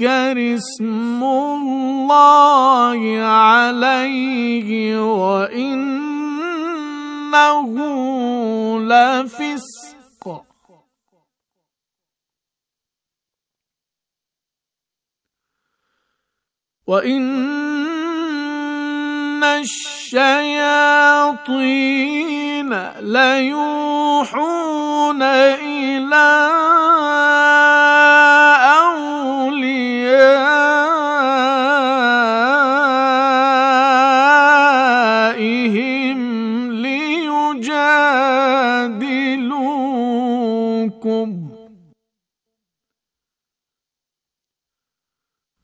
يذكر اسم الله عليه وإنه لفسق وإن الشياطين ليوحون إلى أولياء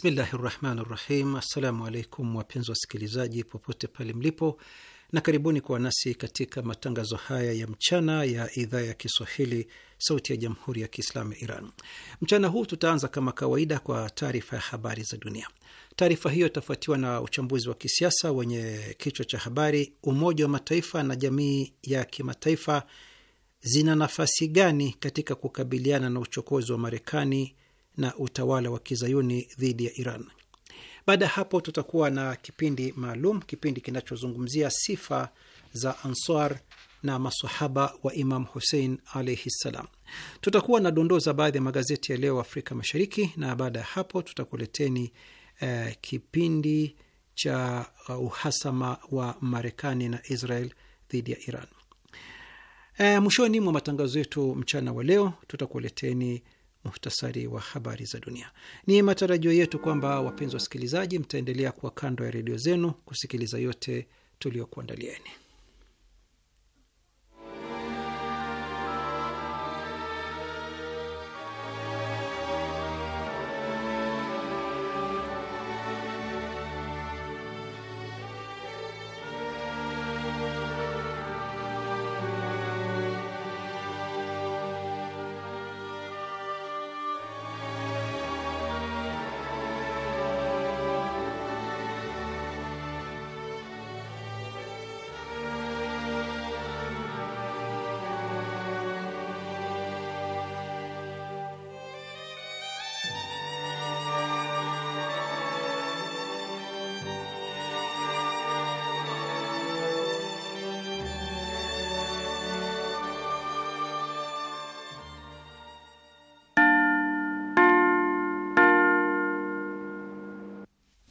Bismillahi rahmani rahim. Assalamu alaikum wapenzi wasikilizaji popote pale mlipo, na karibuni kuwa nasi katika matangazo haya ya mchana ya idhaa ya Kiswahili sauti ya jamhuri ya Kiislamu ya Iran. Mchana huu tutaanza kama kawaida kwa taarifa ya habari za dunia. Taarifa hiyo itafuatiwa na uchambuzi wa kisiasa wenye kichwa cha habari, Umoja wa Mataifa na jamii ya kimataifa zina nafasi gani katika kukabiliana na uchokozi wa Marekani na utawala wa kizayuni dhidi ya Iran. Baada ya hapo, tutakuwa na kipindi maalum, kipindi kinachozungumzia sifa za Ansar na masahaba wa Imam Husein alaihi ssalam. Tutakuwa na dondoo za baadhi ya magazeti ya leo Afrika Mashariki, na baada ya hapo tutakuleteni eh, kipindi cha uh, uhasama wa Marekani na Israel dhidi ya Iran. Eh, mwishoni mwa matangazo yetu mchana wa leo tutakuleteni muhtasari wa habari za dunia. Ni matarajio yetu kwamba wapenzi wasikilizaji, mtaendelea kuwa kando ya redio zenu kusikiliza yote tuliokuandalieni.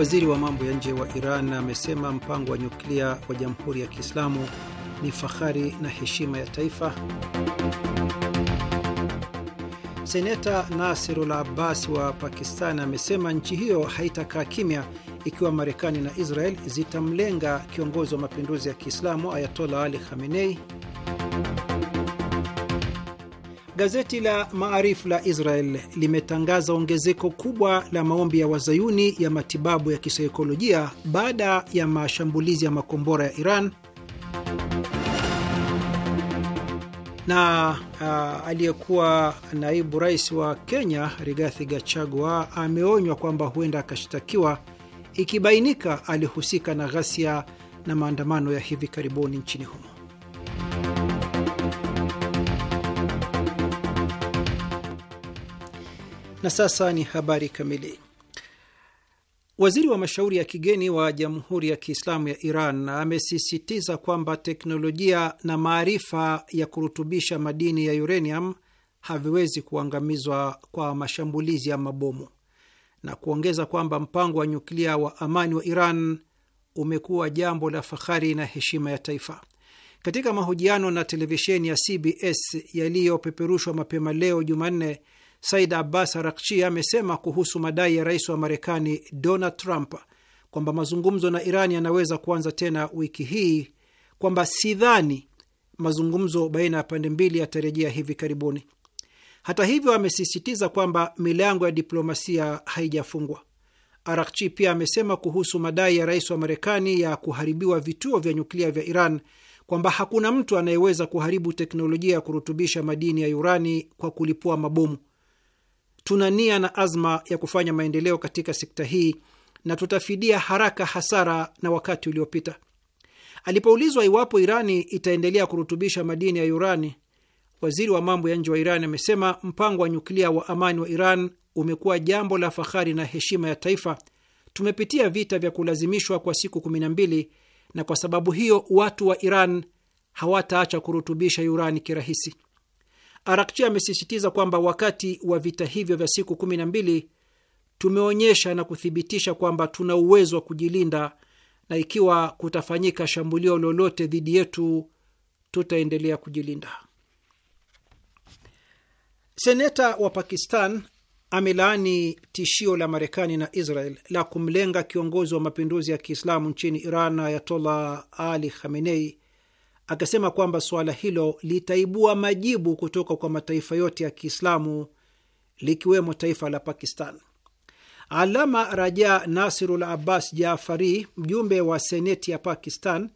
Waziri wa mambo ya nje wa Iran amesema mpango wa nyuklia wa Jamhuri ya Kiislamu ni fahari na heshima ya taifa. Seneta Nasirul Abbas wa Pakistan amesema nchi hiyo haitakaa kimya ikiwa Marekani na Israel zitamlenga kiongozi wa mapinduzi ya Kiislamu Ayatollah Ali Khamenei. Gazeti la Maarifu la Israel limetangaza ongezeko kubwa la maombi ya wazayuni ya matibabu ya kisaikolojia baada ya mashambulizi ya makombora ya Iran na uh, aliyekuwa naibu rais wa Kenya Rigathi Gachagua ameonywa kwamba huenda akashtakiwa ikibainika alihusika na ghasia na maandamano ya hivi karibuni nchini humo. Na sasa ni habari kamili. Waziri wa mashauri ya kigeni wa Jamhuri ya Kiislamu ya Iran amesisitiza kwamba teknolojia na maarifa ya kurutubisha madini ya uranium haviwezi kuangamizwa kwa mashambulizi ya mabomu na kuongeza kwamba mpango wa nyuklia wa amani wa Iran umekuwa jambo la fahari na heshima ya taifa. Katika mahojiano na televisheni ya CBS yaliyopeperushwa mapema leo Jumanne, Said Abbas Arakchi amesema kuhusu madai ya rais wa Marekani Donald Trump kwamba mazungumzo na Iran yanaweza kuanza tena wiki hii kwamba sidhani mazungumzo baina ya pande mbili yatarejea hivi karibuni. Hata hivyo, amesisitiza kwamba milango ya diplomasia haijafungwa. Arakchi pia amesema kuhusu madai ya rais wa Marekani ya kuharibiwa vituo vya nyuklia vya Iran kwamba hakuna mtu anayeweza kuharibu teknolojia ya kurutubisha madini ya urani kwa kulipua mabomu Tuna nia na azma ya kufanya maendeleo katika sekta hii na tutafidia haraka hasara na wakati uliopita. Alipoulizwa iwapo Irani itaendelea kurutubisha madini ya urani, waziri wa mambo ya nje wa iran amesema mpango wa nyuklia wa amani wa Iran umekuwa jambo la fahari na heshima ya taifa. Tumepitia vita vya kulazimishwa kwa siku kumi na mbili na kwa sababu hiyo watu wa Iran hawataacha kurutubisha urani kirahisi. Arakchi amesisitiza kwamba wakati wa vita hivyo vya siku kumi na mbili tumeonyesha na kuthibitisha kwamba tuna uwezo wa kujilinda na ikiwa kutafanyika shambulio lolote dhidi yetu tutaendelea kujilinda. Seneta wa Pakistan amelaani tishio la Marekani na Israel la kumlenga kiongozi wa mapinduzi ya Kiislamu nchini Iran Ayatollah Ali Khamenei akasema kwamba suala hilo litaibua majibu kutoka kwa mataifa yote ya Kiislamu likiwemo taifa la Pakistan. Alama Raja Nasirul Abbas Jaafari, mjumbe wa seneti ya Pakistan,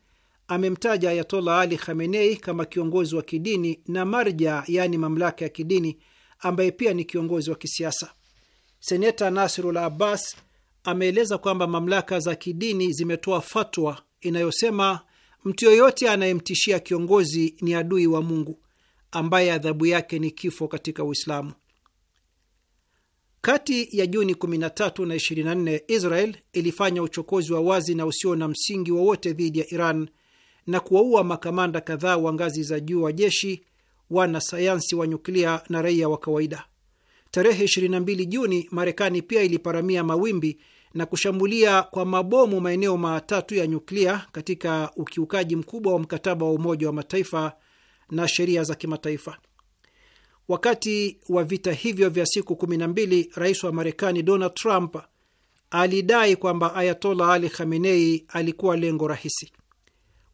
amemtaja Ayatollah Ali Khamenei kama kiongozi wa kidini na marja, yaani mamlaka ya kidini, ambaye pia ni kiongozi wa kisiasa. Seneta Nasirul Abbas ameeleza kwamba mamlaka za kidini zimetoa fatwa inayosema Mtu yoyote anayemtishia kiongozi ni adui wa Mungu ambaye adhabu yake ni kifo katika Uislamu. Kati ya Juni 13 na 24, Israel ilifanya uchokozi wa wazi na usio na msingi wowote dhidi ya Iran na kuwaua makamanda kadhaa wa ngazi za juu wa jeshi, wanasayansi wa nyuklia na raia wa kawaida. Tarehe 22 Juni, Marekani pia iliparamia mawimbi na kushambulia kwa mabomu maeneo matatu ya nyuklia katika ukiukaji mkubwa wa mkataba wa Umoja wa Mataifa na sheria za kimataifa. Wakati wa vita hivyo vya siku kumi na mbili, rais wa Marekani Donald Trump alidai kwamba Ayatollah Ali Khamenei alikuwa lengo rahisi.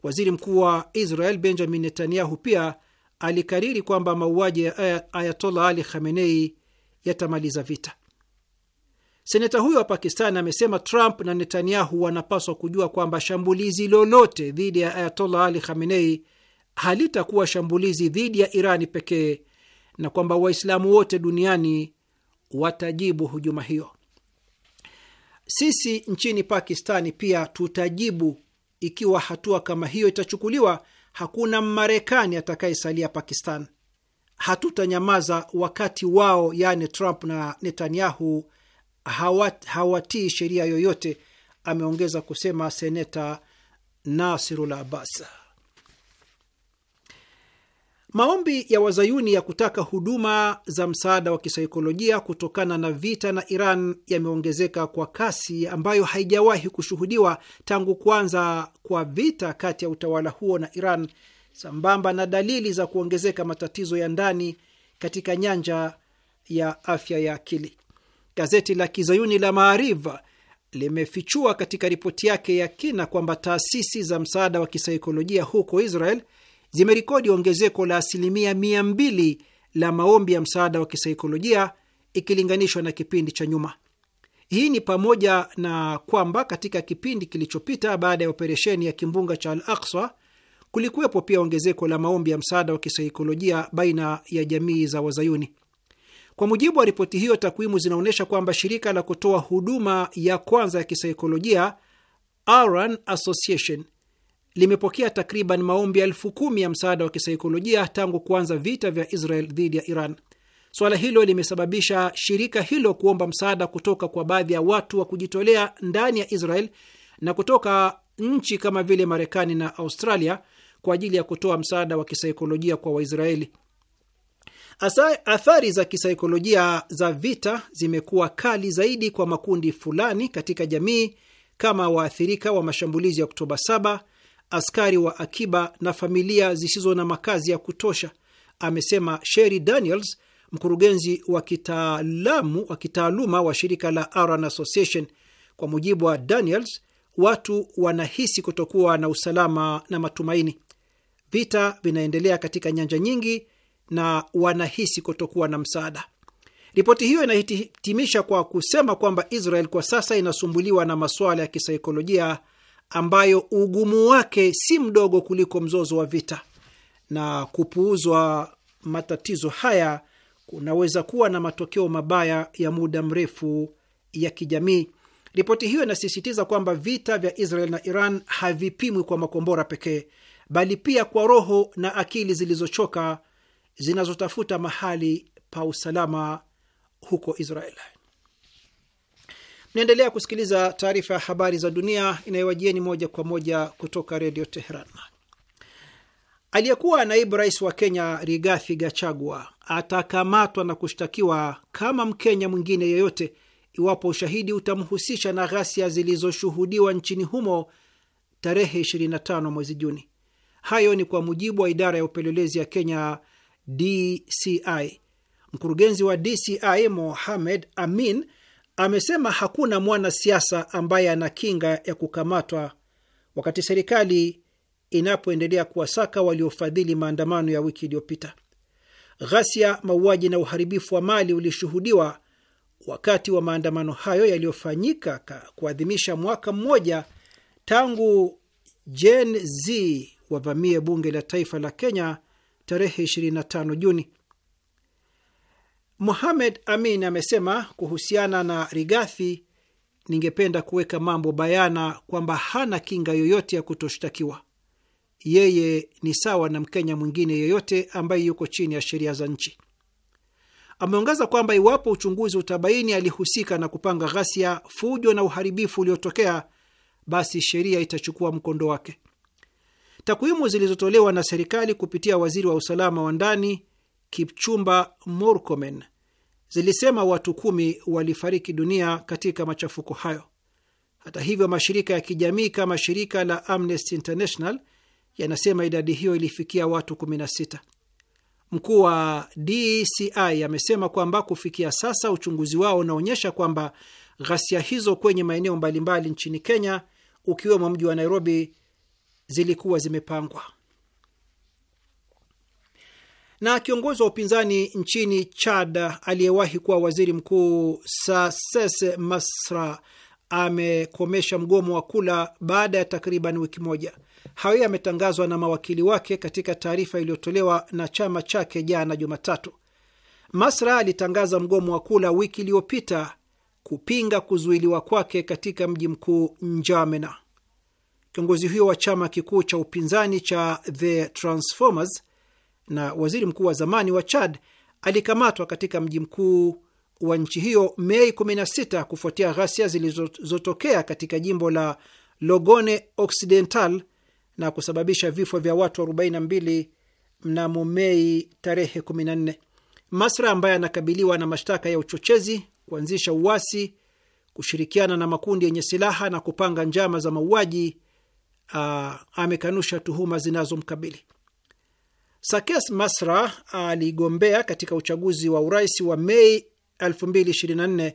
Waziri mkuu wa Israel Benjamin Netanyahu pia alikariri kwamba mauaji ya Ayatollah Ali Khamenei yatamaliza vita. Seneta huyo wa Pakistan amesema Trump na Netanyahu wanapaswa kujua kwamba shambulizi lolote dhidi ya Ayatollah Ali Khamenei halitakuwa shambulizi dhidi ya Irani pekee na kwamba Waislamu wote duniani watajibu hujuma hiyo. Sisi nchini Pakistani pia tutajibu ikiwa hatua kama hiyo itachukuliwa. Hakuna marekani atakayesalia Pakistan. Hatutanyamaza wakati wao, yaani Trump na Netanyahu hawatii sheria yoyote. Ameongeza kusema seneta Nasirul Abbas. Maombi ya wazayuni ya kutaka huduma za msaada wa kisaikolojia kutokana na vita na Iran yameongezeka kwa kasi ambayo haijawahi kushuhudiwa tangu kuanza kwa vita kati ya utawala huo na Iran, sambamba na dalili za kuongezeka matatizo ya ndani katika nyanja ya afya ya akili. Gazeti la kizayuni la Maariv limefichua katika ripoti yake ya kina kwamba taasisi za msaada wa kisaikolojia huko Israel zimerikodi ongezeko la asilimia mia mbili la maombi ya msaada wa kisaikolojia ikilinganishwa na kipindi cha nyuma. Hii ni pamoja na kwamba katika kipindi kilichopita baada ya operesheni ya kimbunga cha Al Aksa kulikuwepo pia ongezeko la maombi ya msaada wa kisaikolojia baina ya jamii za Wazayuni. Kwa mujibu wa ripoti hiyo, takwimu zinaonyesha kwamba shirika la kutoa huduma ya kwanza ya kisaikolojia Aran Association limepokea takriban maombi elfu kumi ya msaada wa kisaikolojia tangu kuanza vita vya Israel dhidi ya Iran. Suala hilo limesababisha shirika hilo kuomba msaada kutoka kwa baadhi ya watu wa kujitolea ndani ya Israel na kutoka nchi kama vile Marekani na Australia kwa ajili ya kutoa msaada wa kisaikolojia kwa Waisraeli. Asa, athari za kisaikolojia za vita zimekuwa kali zaidi kwa makundi fulani katika jamii kama waathirika wa mashambulizi ya Oktoba 7, askari wa akiba na familia zisizo na makazi ya kutosha, amesema Sheri Daniels, mkurugenzi wa kitaalamu wa kitaaluma wa shirika la Aran Association. Kwa mujibu wa Daniels, watu wanahisi kutokuwa na usalama na matumaini. Vita vinaendelea katika nyanja nyingi na wanahisi kutokuwa na msaada. Ripoti hiyo inahitimisha kwa kusema kwamba Israel kwa sasa inasumbuliwa na masuala ya kisaikolojia ambayo ugumu wake si mdogo kuliko mzozo wa vita, na kupuuzwa matatizo haya kunaweza kuwa na matokeo mabaya ya muda mrefu ya kijamii. Ripoti hiyo inasisitiza kwamba vita vya Israel na Iran havipimwi kwa makombora pekee, bali pia kwa roho na akili zilizochoka zinazotafuta mahali pa usalama huko Israel. Mnaendelea kusikiliza taarifa ya habari za dunia inayowajieni moja kwa moja kutoka Redio Teheran. Aliyekuwa naibu rais wa Kenya Rigathi Gachagua atakamatwa na kushtakiwa kama Mkenya mwingine yeyote iwapo ushahidi utamhusisha na ghasia zilizoshuhudiwa nchini humo tarehe 25 mwezi Juni. Hayo ni kwa mujibu wa idara ya upelelezi ya Kenya DCI. Mkurugenzi wa DCI Mohamed Amin amesema hakuna mwanasiasa ambaye ana kinga ya kukamatwa wakati serikali inapoendelea kuwasaka waliofadhili maandamano ya wiki iliyopita. Ghasia, mauaji na uharibifu wa mali ulishuhudiwa wakati wa maandamano hayo yaliyofanyika kuadhimisha mwaka mmoja tangu Gen Z wavamie bunge la taifa la Kenya tarehe 25 Juni. Mohamed Amin amesema kuhusiana na Rigathi, ningependa kuweka mambo bayana kwamba hana kinga yoyote ya kutoshtakiwa. Yeye ni sawa na Mkenya mwingine yoyote ambaye yuko chini ya sheria za nchi. Ameongeza kwamba iwapo uchunguzi utabaini alihusika na kupanga ghasia, fujo na uharibifu uliotokea, basi sheria itachukua mkondo wake. Takwimu zilizotolewa na serikali kupitia waziri wa usalama wa ndani Kipchumba Murkomen zilisema watu kumi walifariki dunia katika machafuko hayo. Hata hivyo, mashirika ya kijamii kama shirika la Amnesty International yanasema idadi hiyo ilifikia watu 16. Mkuu wa DCI amesema kwamba kufikia sasa uchunguzi wao unaonyesha kwamba ghasia hizo kwenye maeneo mbalimbali nchini Kenya, ukiwemo mji wa Nairobi zilikuwa zimepangwa. Na kiongozi wa upinzani nchini Chad aliyewahi kuwa waziri mkuu Sases Masra amekomesha mgomo wa kula baada ya takriban wiki moja. Hayo yametangazwa na mawakili wake katika taarifa iliyotolewa na chama chake jana Jumatatu. Masra alitangaza mgomo wa kula wiki iliyopita kupinga kuzuiliwa kwake katika mji mkuu Njamena. Kiongozi huyo wa chama kikuu cha upinzani cha The Transformers na waziri mkuu wa zamani wa Chad alikamatwa katika mji mkuu wa nchi hiyo Mei 16 kufuatia ghasia zilizotokea katika jimbo la Logone Occidental na kusababisha vifo vya watu 42 mnamo Mei tarehe 14. Masra ambaye anakabiliwa na mashtaka ya uchochezi, kuanzisha uasi, kushirikiana na makundi yenye silaha na kupanga njama za mauaji uh, amekanusha tuhuma zinazomkabili. Sakes Masra aligombea katika uchaguzi wa urais wa Mei 2024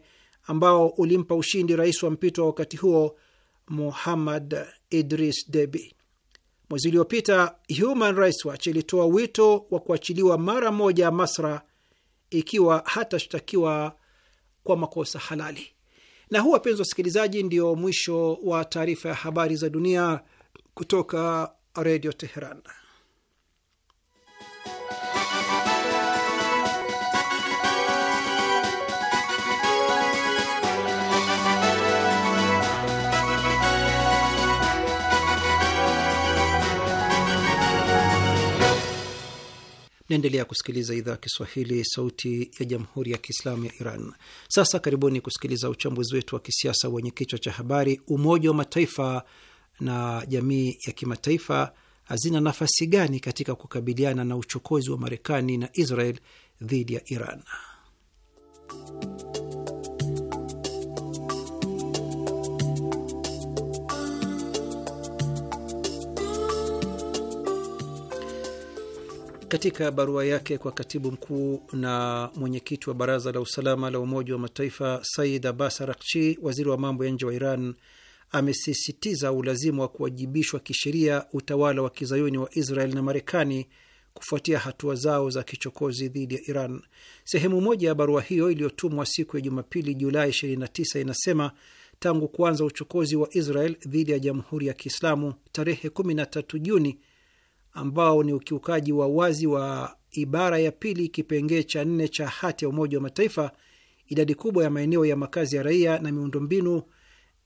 ambao ulimpa ushindi rais wa mpito wa wakati huo Muhammad Idris Deby. Mwezi uliopita Human Rights Watch ilitoa wito wa kuachiliwa mara moja Masra ikiwa hatashtakiwa kwa makosa halali. Na huu, wapenzi wasikilizaji, ndio mwisho wa taarifa ya habari za dunia kutoka Redio Teheran. Naendelea kusikiliza idhaa ya Kiswahili, sauti ya jamhuri ya kiislamu ya Iran. Sasa karibuni kusikiliza uchambuzi wetu wa kisiasa wenye kichwa cha habari: Umoja wa Mataifa na jamii ya kimataifa hazina nafasi gani katika kukabiliana na uchokozi wa Marekani na Israel dhidi ya Iran? Katika barua yake kwa katibu mkuu na mwenyekiti wa baraza la usalama la Umoja wa Mataifa Said Abbas arakchi waziri wa mambo ya nje wa Iran amesisitiza ulazima wa kuwajibishwa kisheria utawala wa kizayuni wa Israel na Marekani kufuatia hatua zao za kichokozi dhidi ya Iran. Sehemu moja ya barua hiyo iliyotumwa siku ya Jumapili, Julai 29 inasema tangu kuanza uchokozi wa Israel dhidi ya Jamhuri ya Kiislamu tarehe 13 Juni, ambao ni ukiukaji wa wazi wa ibara ya pili kipengee cha nne cha hati ya Umoja wa Mataifa, idadi kubwa ya maeneo ya makazi ya raia na miundombinu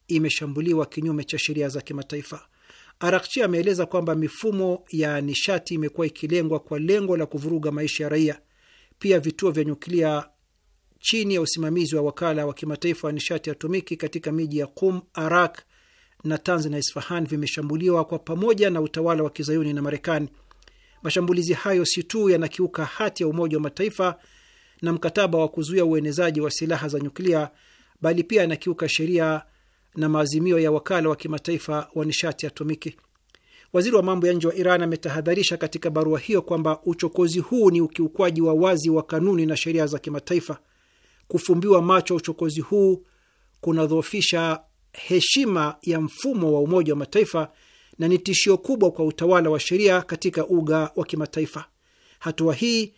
imeshambuliwa kinyume cha sheria za kimataifa. Arakchi ameeleza kwamba mifumo ya nishati imekuwa ikilengwa kwa lengo la kuvuruga maisha ya raia. Pia vituo vya nyuklia chini ya usimamizi wa wakala wa kimataifa wa nishati atomiki katika miji ya Qum, Arak, Natanz na Isfahan vimeshambuliwa kwa pamoja na utawala wa kizayuni na Marekani. Mashambulizi hayo si tu yanakiuka hati ya Umoja wa Mataifa na mkataba wa kuzuia uenezaji wa silaha za nyuklia, bali pia yanakiuka sheria na maazimio ya wakala wa kimataifa wa nishati atomiki. Waziri wa mambo ya nje wa Iran ametahadharisha katika barua hiyo kwamba uchokozi huu ni ukiukwaji wa wazi wa kanuni na sheria za kimataifa. Kufumbiwa macho uchokozi huu kunadhoofisha heshima ya mfumo wa Umoja wa Mataifa na ni tishio kubwa kwa utawala wa sheria katika uga wa kimataifa. Hatua hii,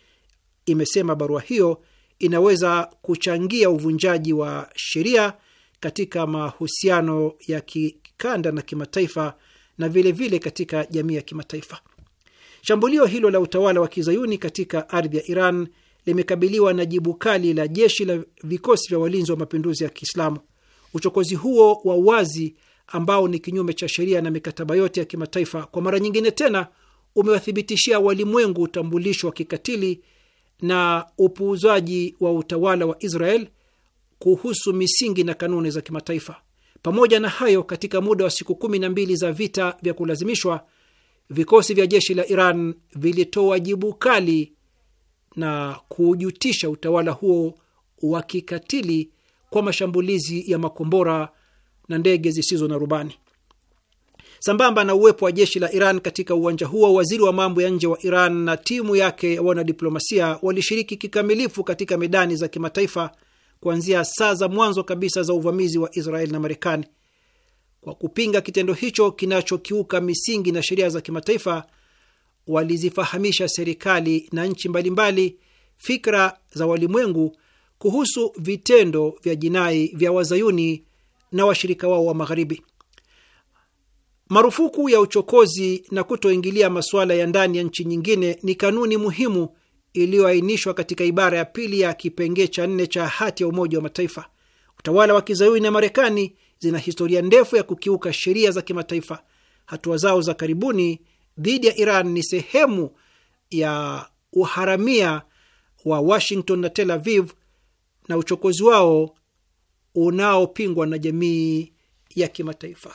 imesema barua hiyo, inaweza kuchangia uvunjaji wa sheria katika mahusiano ya kikanda na kimataifa na vilevile vile katika jamii ya kimataifa. Shambulio hilo la utawala wa kizayuni katika ardhi ya Iran limekabiliwa na jibu kali la jeshi la vikosi vya walinzi wa mapinduzi ya Kiislamu. Uchokozi huo wa wazi ambao ni kinyume cha sheria na mikataba yote ya kimataifa, kwa mara nyingine tena umewathibitishia walimwengu utambulisho wa kikatili na upuuzaji wa utawala wa Israel kuhusu misingi na kanuni za kimataifa. Pamoja na hayo, katika muda wa siku kumi na mbili za vita vya kulazimishwa, vikosi vya jeshi la Iran vilitoa jibu kali na kujutisha utawala huo wa kikatili kwa mashambulizi ya makombora na ndege zisizo na rubani. Sambamba na uwepo wa jeshi la Iran katika uwanja huo, waziri wa mambo ya nje wa Iran na timu yake ya wanadiplomasia walishiriki kikamilifu katika medani za kimataifa kuanzia saa za mwanzo kabisa za uvamizi wa Israeli na Marekani. Kwa kupinga kitendo hicho kinachokiuka misingi na sheria za kimataifa, walizifahamisha serikali na nchi mbalimbali fikra za walimwengu kuhusu vitendo vya jinai vya wazayuni na washirika wao wa magharibi. Marufuku ya uchokozi na kutoingilia masuala ya ndani ya nchi nyingine ni kanuni muhimu iliyoainishwa katika ibara ya pili ya kipengee cha nne cha hati ya Umoja wa Mataifa. Utawala wa kizayuni na Marekani zina historia ndefu ya kukiuka sheria za kimataifa. Hatua zao za karibuni dhidi ya Iran ni sehemu ya uharamia wa Washington na Tel Aviv na uchokozi wao unaopingwa na jamii ya kimataifa.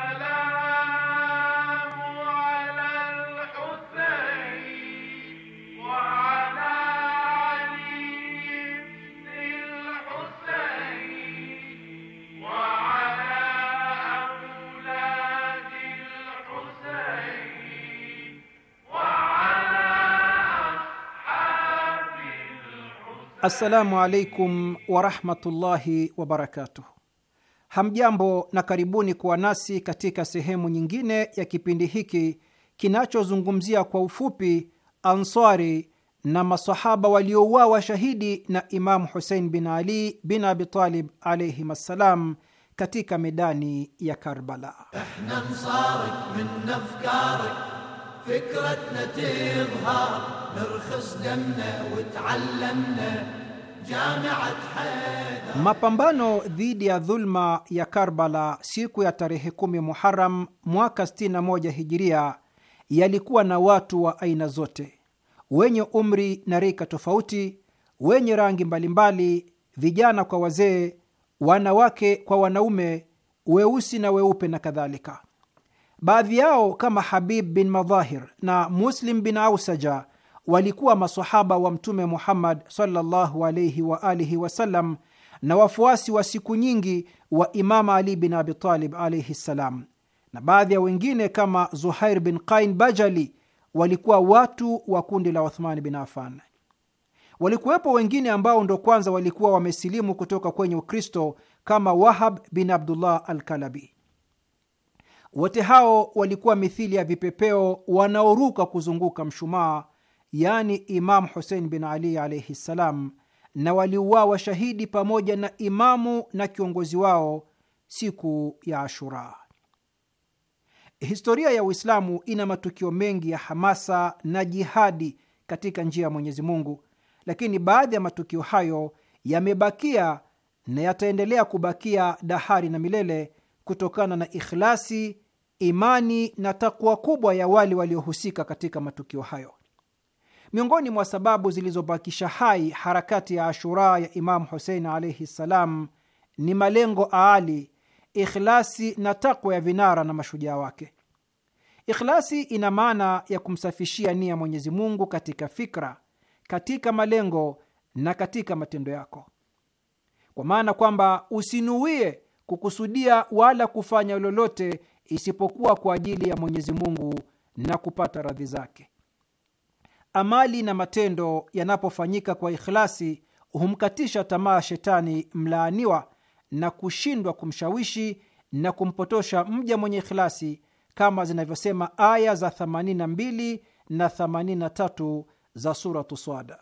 Assalamu alaikum warahmatullahi wabarakatuh. Hamjambo na karibuni kuwa nasi katika sehemu nyingine ya kipindi hiki kinachozungumzia kwa ufupi Ansari na masahaba waliouawa shahidi na Imamu Husein bin Ali bin Abitalib alaihim assalam katika medani ya Karbala. نرخص دمنا وتعلمنا Mapambano dhidi ya dhulma ya Karbala siku ya tarehe kumi Muharam mwaka 61 hijiria yalikuwa na watu wa aina zote, wenye umri na rika tofauti, wenye rangi mbalimbali, vijana kwa wazee, wanawake kwa wanaume, weusi na weupe na kadhalika. Baadhi yao kama Habib bin Madhahir na Muslim bin Ausaja walikuwa masahaba wa Mtume Muhammad sallallahu alaihi wa alihi wasallam na wafuasi wa siku nyingi wa Imama Ali bin Abitalib alaihi ssalam, na baadhi ya wengine kama Zuhair bin Qain Bajali walikuwa watu wa kundi la Uthman bin Afan. Walikuwepo wengine ambao ndo kwanza walikuwa wamesilimu kutoka kwenye Ukristo kama Wahab bin Abdullah Alkalabi. Wote hao walikuwa mithili ya vipepeo wanaoruka kuzunguka mshumaa yaani Imamu Husein bin Ali alaihi ssalam, na waliuawa shahidi pamoja na imamu na kiongozi wao siku ya Ashura. Historia ya Uislamu ina matukio mengi ya hamasa na jihadi katika njia ya Mwenyezi Mungu, lakini baadhi ya matukio hayo yamebakia na yataendelea kubakia dahari na milele kutokana na ikhlasi, imani na takwa kubwa ya wale waliohusika katika matukio hayo. Miongoni mwa sababu zilizobakisha hai harakati ya Ashura ya Imamu Husein alaihi ssalam ni malengo aali, ikhlasi na takwa ya vinara na mashujaa wake. Ikhlasi ina maana ya kumsafishia nia Mwenyezi Mungu katika fikra, katika malengo na katika matendo yako, kwa maana kwamba usinuie kukusudia wala kufanya lolote isipokuwa kwa ajili ya Mwenyezi Mungu na kupata radhi zake. Amali na matendo yanapofanyika kwa ikhlasi humkatisha tamaa shetani mlaaniwa na kushindwa kumshawishi na kumpotosha mja mwenye ikhlasi kama zinavyosema aya za 82 na 83 za Suratu Swada.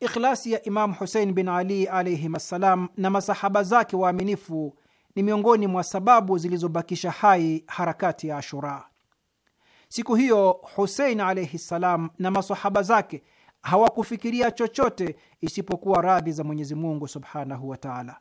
Ikhlasi ya Imamu Husein bin Ali alaihim assalam na masahaba zake waaminifu ni miongoni mwa sababu zilizobakisha hai harakati ya Ashura. Siku hiyo Husein alaihi ssalam na masahaba zake hawakufikiria chochote isipokuwa radhi za Mwenyezi Mungu subhanahu wa taala.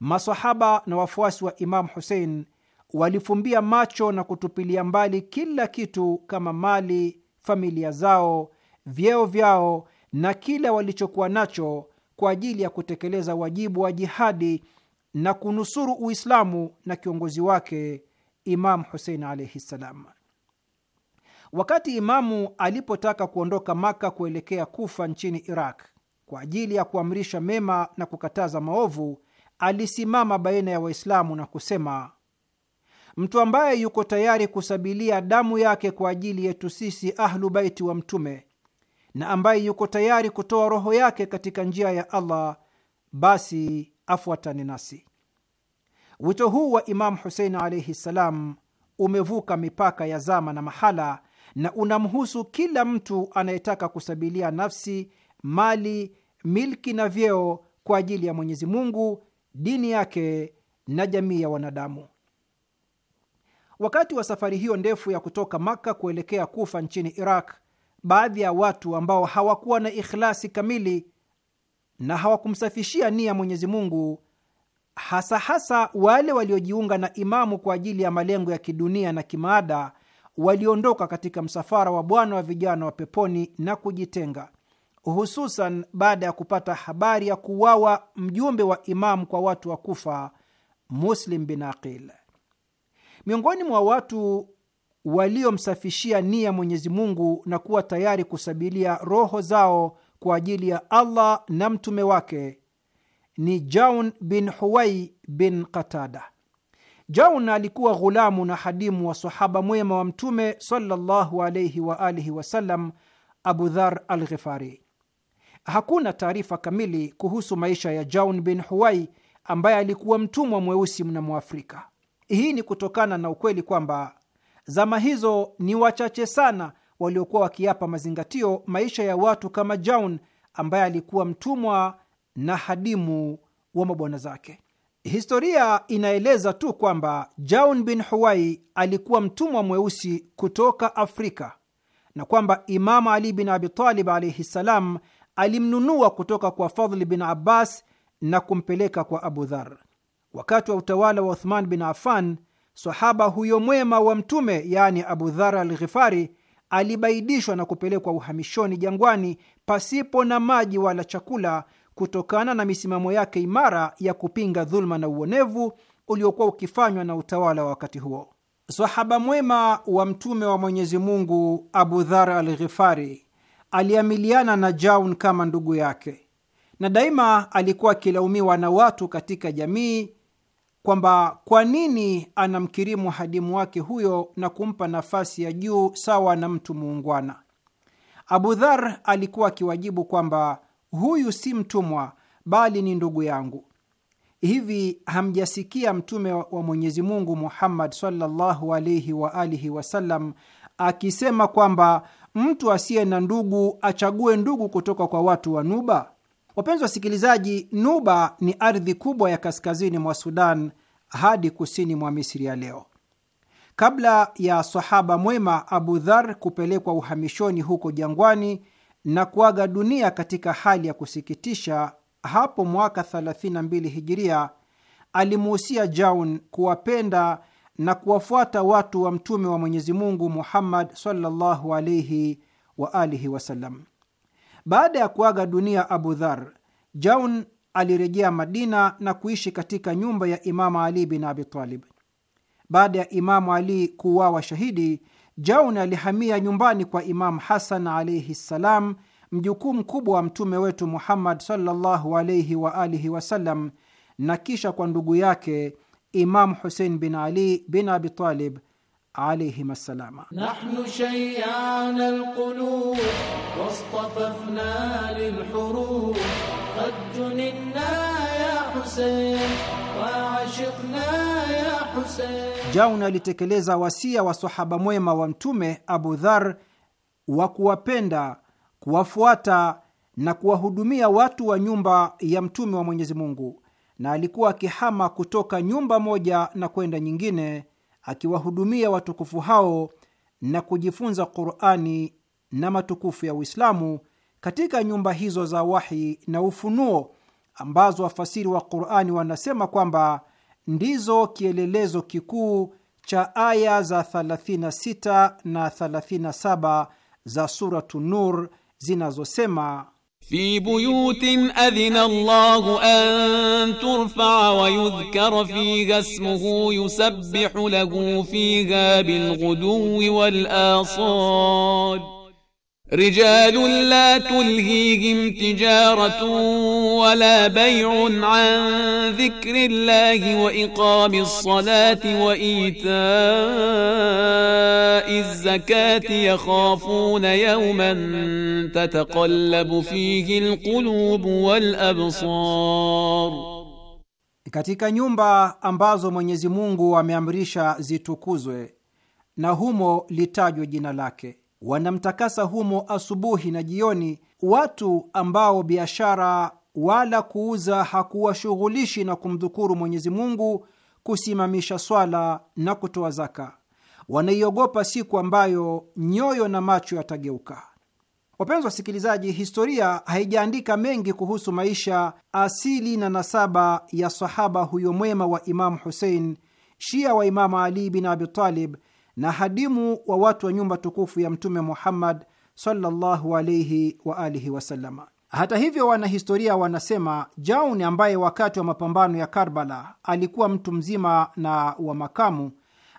Masahaba na wafuasi wa Imamu Husein walifumbia macho na kutupilia mbali kila kitu kama mali, familia zao, vyeo vyao na kila walichokuwa nacho kwa ajili ya kutekeleza wajibu wa jihadi na kunusuru Uislamu na kiongozi wake Imamu Husein alaihi ssalam. Wakati Imamu alipotaka kuondoka Maka kuelekea Kufa nchini Iraq kwa ajili ya kuamrisha mema na kukataza maovu, alisimama baina ya Waislamu na kusema, mtu ambaye yuko tayari kusabilia damu yake kwa ajili yetu sisi Ahlu Baiti wa Mtume na ambaye yuko tayari kutoa roho yake katika njia ya Allah basi afuatane nasi. Wito huu wa Imamu Husein alaihi ssalam umevuka mipaka ya zama na mahala na unamhusu kila mtu anayetaka kusabilia nafsi, mali, milki na vyeo kwa ajili ya Mwenyezi Mungu, dini yake na jamii ya wanadamu. Wakati wa safari hiyo ndefu ya kutoka Makka kuelekea Kufa nchini Iraq, baadhi ya watu ambao hawakuwa na ikhlasi kamili na hawakumsafishia nia Mwenyezi Mungu, hasa hasa wale waliojiunga na Imamu kwa ajili ya malengo ya kidunia na kimaada waliondoka katika msafara wa Bwana wa vijana wa peponi na kujitenga, hususan baada ya kupata habari ya kuuawa mjumbe wa Imamu kwa watu wa Kufa, Muslim bin Aqil. Miongoni mwa watu waliomsafishia nia Mwenyezi Mungu na kuwa tayari kusabilia roho zao kwa ajili ya Allah na mtume wake ni Jaun bin Huwai bin Qatada jaun alikuwa ghulamu na hadimu wa sahaba mwema wa Mtume sallallahu alayhi wa alihi wasallam, Abu Dhar al Ghifari. Hakuna taarifa kamili kuhusu maisha ya Jaun bin Huwai ambaye alikuwa mtumwa mweusi mna Mwafrika. Hii ni kutokana na ukweli kwamba zama hizo ni wachache sana waliokuwa wakiapa mazingatio maisha ya watu kama Jaun ambaye alikuwa mtumwa na hadimu wa mabwana zake. Historia inaeleza tu kwamba Jaun bin Huwai alikuwa mtumwa mweusi kutoka Afrika na kwamba Imamu Ali bin Abitalib alaihi ssalam alimnunua kutoka kwa Fadhli bin Abbas na kumpeleka kwa Abu Dhar. Wakati wa utawala wa Uthman bin Affan, sahaba huyo mwema wa Mtume, yaani Abu Dhar al Ghifari, alibaidishwa na kupelekwa uhamishoni jangwani pasipo na maji wala chakula kutokana na misimamo yake imara ya kupinga dhuluma na uonevu uliokuwa ukifanywa na utawala wa wakati huo. Sahaba mwema wa Mtume wa Mwenyezi Mungu Abu Dhar al Ghifari aliamiliana na Jaun kama ndugu yake, na daima alikuwa akilaumiwa na watu katika jamii kwamba kwa nini anamkirimu hadimu wake huyo na kumpa nafasi ya juu sawa na mtu muungwana. Abu Dhar alikuwa akiwajibu kwamba huyu si mtumwa bali ni ndugu yangu. Hivi hamjasikia Mtume wa Mwenyezi Mungu Muhammad sallallahu alaihi wa alihi wasallam akisema kwamba mtu asiye na ndugu achague ndugu kutoka kwa watu wa Nuba? Wapenzi wasikilizaji, Nuba ni ardhi kubwa ya kaskazini mwa Sudan hadi kusini mwa Misri ya leo. Kabla ya sahaba mwema Abu Dhar kupelekwa uhamishoni huko jangwani na kuaga dunia katika hali ya kusikitisha hapo mwaka 32 hijiria, alimuhusia Jaun kuwapenda na kuwafuata watu wa mtume wa Mwenyezi Mungu Muhammad sallallahu alaihi wa alihi wasallam. Baada ya kuaga dunia Abu Dhar, Jaun alirejea Madina na kuishi katika nyumba ya Imamu Ali bin Abi Talib. Baada ya Imamu Ali kuuawa shahidi, Jaun alihamia nyumbani kwa Imamu Hasan alaihi ssalam, mjukuu mkubwa wa mtume wetu Muhammad sallallahu alaihi wa alihi wasallam, na kisha kwa ndugu yake Imamu Husein bin Ali bin Abitalib alaihim assalama. Nahnu shayana alqulub wastafafna lilhurub qad junina ya Husein Jauna alitekeleza wasia wa sahaba mwema wa Mtume Abu Dhar wa kuwapenda, kuwafuata na kuwahudumia watu wa nyumba ya Mtume wa Mwenyezi Mungu, na alikuwa akihama kutoka nyumba moja na kwenda nyingine akiwahudumia watukufu hao na kujifunza Qurani na matukufu ya Uislamu katika nyumba hizo za wahi na ufunuo ambazo wafasiri wa Qurani wanasema kwamba ndizo kielelezo kikuu cha aya za 36 na 37 za Suratu Nur zinazosema fi buyutin adhina Allahu an turfaa wa yudhkara fiha ismuhu yusabbihu lahu fiha bilghuduwi wal asad rijalun la tulhihim tijaratun wala bay'un an dhikrillahi wa iqamis salati wa ita'iz zakati yakhafuna yawman tataqallabu fihi alqulubu katika nyumba ambazo Mwenyezi Mungu ameamrisha zitukuzwe na humo litajwe jina lake wanamtakasa humo asubuhi na jioni, watu ambao biashara wala kuuza hakuwashughulishi na kumdhukuru Mwenyezi Mungu, kusimamisha swala na kutoa zaka. Wanaiogopa siku ambayo nyoyo na macho yatageuka. Wapenzi wasikilizaji, historia haijaandika mengi kuhusu maisha, asili na nasaba ya sahaba huyo mwema wa Imamu Husein, shia wa Imamu Ali bin Abi Talib na hadimu wa watu wa nyumba tukufu ya Mtume Muhammad sallallahu alaihi wa alihi Hata hivyo, wanahistoria wanasema Jaun, ambaye wakati wa mapambano ya Karbala alikuwa mtu mzima na wa makamu,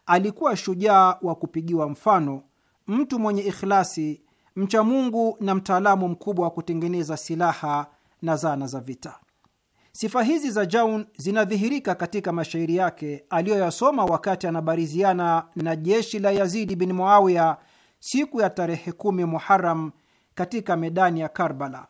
alikuwa shujaa wa kupigiwa mfano, mtu mwenye ikhlasi, mcha Mungu na mtaalamu mkubwa wa kutengeneza silaha na zana za vita. Sifa hizi za Jaun zinadhihirika katika mashairi yake aliyoyasoma wakati anabariziana na jeshi la Yazidi bin Muawiya siku ya tarehe kumi Muharam katika medani ya Karbala,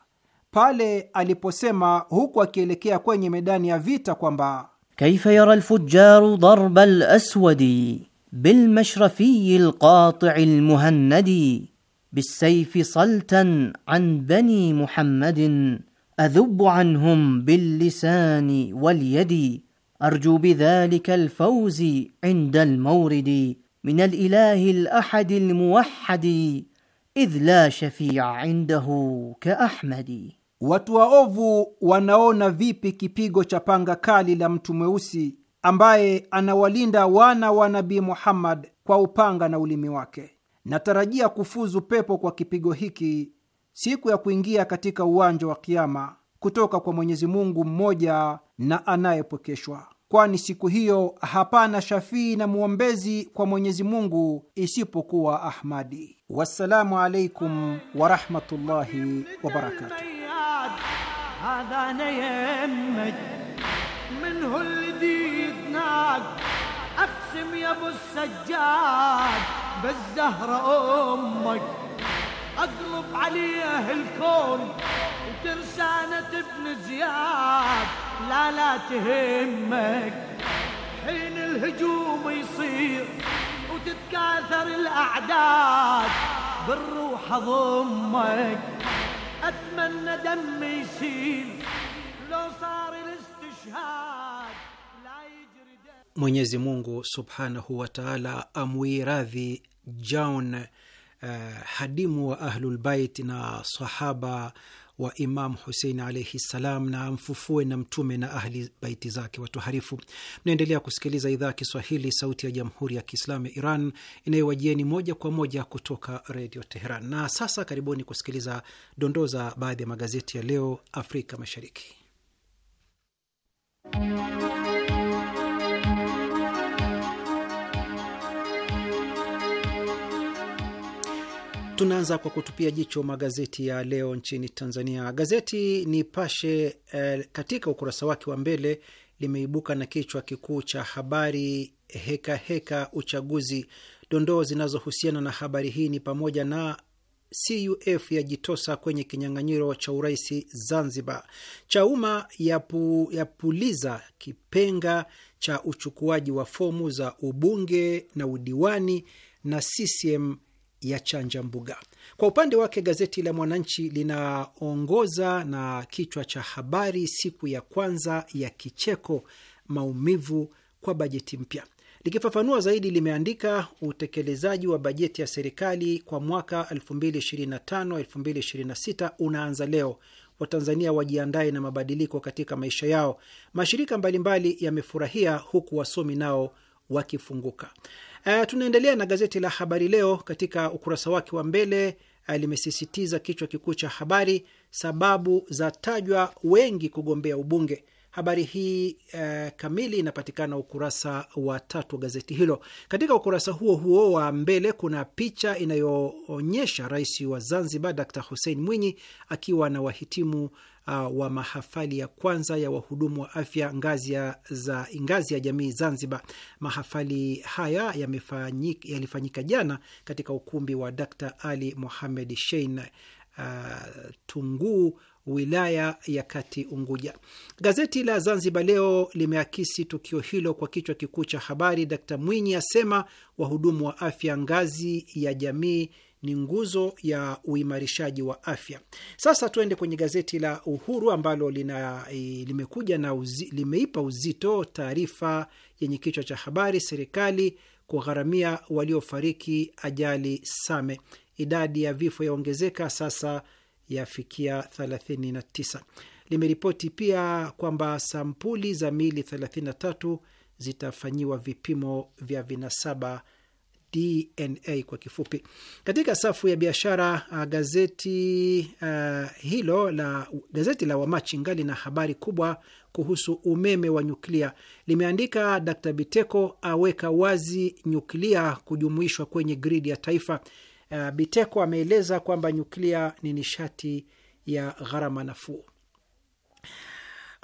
pale aliposema huku akielekea kwenye medani ya vita kwamba kaifa yara lfujaru darba laswadi bilmashrafiyi lqatii lmuhannadi bisaifi saltan an bani muhammadin اذب عنهم باللسان واليد arju بذلك الفوز عند المورد من الاله الاحد الموحد idh la shafia indahu ka Watu waovu wanaona vipi kipigo cha panga kali la mtu mweusi ambaye anawalinda wana wa Nabii Muhammad kwa upanga na ulimi wake. Natarajia kufuzu pepo kwa kipigo hiki siku ya kuingia katika uwanja wa Kiama kutoka kwa Mwenyezi Mungu mmoja na anayepwekeshwa, kwani siku hiyo hapana shafii na mwombezi kwa Mwenyezi Mungu isipokuwa Ahmadi. Wassalamu alaikum warahmatullahi wabarakatuh. اقلب عليه الكون وترسانة ابن زياد لا لا تهمك حين الهجوم يصير وتتكاثر الاعداد بالروح اضمك اتمنى دمي يسيل لو صار الاستشهاد لا يجري دم. Mwenyezi Mungu Subhanahu wa Ta'ala amuiradhi John uh, hadimu wa Ahlulbait na sahaba wa Imamu Husein alaihi ssalam, na amfufue na mtume na ahli baiti zake watoharifu. Mnaendelea kusikiliza idhaa ya Kiswahili, sauti ya jamhuri ya kiislamu ya Iran inayowajieni moja kwa moja kutoka redio Teheran. Na sasa karibuni kusikiliza dondoo za baadhi ya magazeti ya leo Afrika Mashariki. Tunaanza kwa kutupia jicho magazeti ya leo nchini Tanzania. Gazeti Nipashe eh, katika ukurasa wake wa mbele limeibuka na kichwa kikuu cha habari heka heka uchaguzi. Dondoo zinazohusiana na habari hii ni pamoja na CUF yajitosa kwenye kinyang'anyiro cha urais Zanzibar, Chauma yapu, yapuliza kipenga cha uchukuaji wa fomu za ubunge na udiwani, na CCM ya chanja mbuga. Kwa upande wake gazeti la Mwananchi linaongoza na kichwa cha habari, siku ya kwanza ya kicheko, maumivu kwa bajeti mpya. Likifafanua zaidi, limeandika utekelezaji wa bajeti ya serikali kwa mwaka 2025/2026 unaanza leo. Watanzania wajiandae na mabadiliko katika maisha yao. Mashirika mbalimbali yamefurahia, huku wasomi nao wakifunguka. Uh, tunaendelea na gazeti la Habari Leo. Katika ukurasa wake wa mbele eh, limesisitiza kichwa kikuu cha habari, sababu za tajwa wengi kugombea ubunge. Habari hii uh, kamili inapatikana ukurasa wa tatu wa gazeti hilo. Katika ukurasa huo huo wa mbele kuna picha inayoonyesha rais wa Zanzibar Dr Hussein Mwinyi akiwa na wahitimu uh, wa mahafali ya kwanza ya wahudumu wa afya ngazi ya, za, ngazi ya jamii Zanzibar. Mahafali haya yalifanyika jana katika ukumbi wa Dr. Ali Mohamed Shein uh, Tunguu wilaya ya Kati Unguja. Gazeti la Zanzibar Leo limeakisi tukio hilo kwa kichwa kikuu cha habari, Dkt Mwinyi asema wahudumu wa afya ngazi ya jamii ni nguzo ya uimarishaji wa afya. Sasa tuende kwenye gazeti la Uhuru ambalo lina, e, limekuja na uzi, limeipa uzito taarifa yenye kichwa cha habari serikali kugharamia waliofariki ajali Same, idadi ya vifo yaongezeka sasa yafikia 39. Limeripoti pia kwamba sampuli za mili 33 zitafanyiwa vipimo vya vinasaba DNA kwa kifupi. Katika safu ya biashara uh, gazeti uh, hilo la gazeti la Wamachinga lina habari kubwa kuhusu umeme wa nyuklia. Limeandika Dkt Biteko aweka wazi nyuklia kujumuishwa kwenye gridi ya taifa. Uh, Biteko ameeleza kwamba nyuklia ni nishati ya gharama nafuu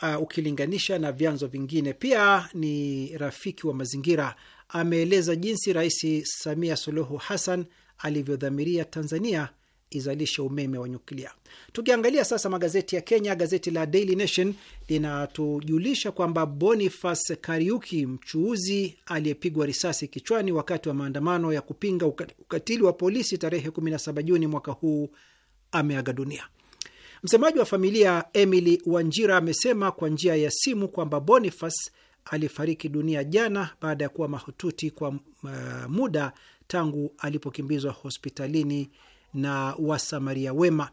uh, ukilinganisha na vyanzo vingine. Pia ni rafiki wa mazingira ameeleza jinsi Rais Samia Suluhu Hassan alivyodhamiria Tanzania izalishe umeme wa nyuklia. Tukiangalia sasa magazeti ya Kenya, gazeti la Daily Nation linatujulisha kwamba Boniface Kariuki, mchuuzi aliyepigwa risasi kichwani wakati wa maandamano ya kupinga ukatili wa polisi tarehe 17 Juni mwaka huu, ameaga dunia. Msemaji wa familia Emily Wanjira amesema kwa njia ya simu kwamba Boniface alifariki dunia jana baada ya kuwa mahututi kwa uh, muda tangu alipokimbizwa hospitalini na wasamaria wema.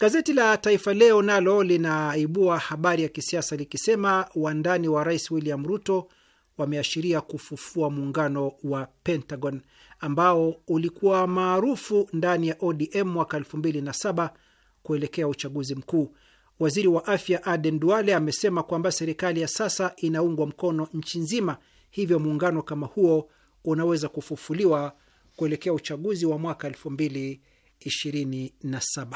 Gazeti la Taifa Leo nalo linaibua habari ya kisiasa likisema wandani wa rais William Ruto wameashiria kufufua muungano wa Pentagon ambao ulikuwa maarufu ndani ya ODM mwaka 2007 kuelekea uchaguzi mkuu. Waziri wa afya Aden Duale amesema kwamba serikali ya sasa inaungwa mkono nchi nzima, hivyo muungano kama huo unaweza kufufuliwa kuelekea uchaguzi wa mwaka 2027.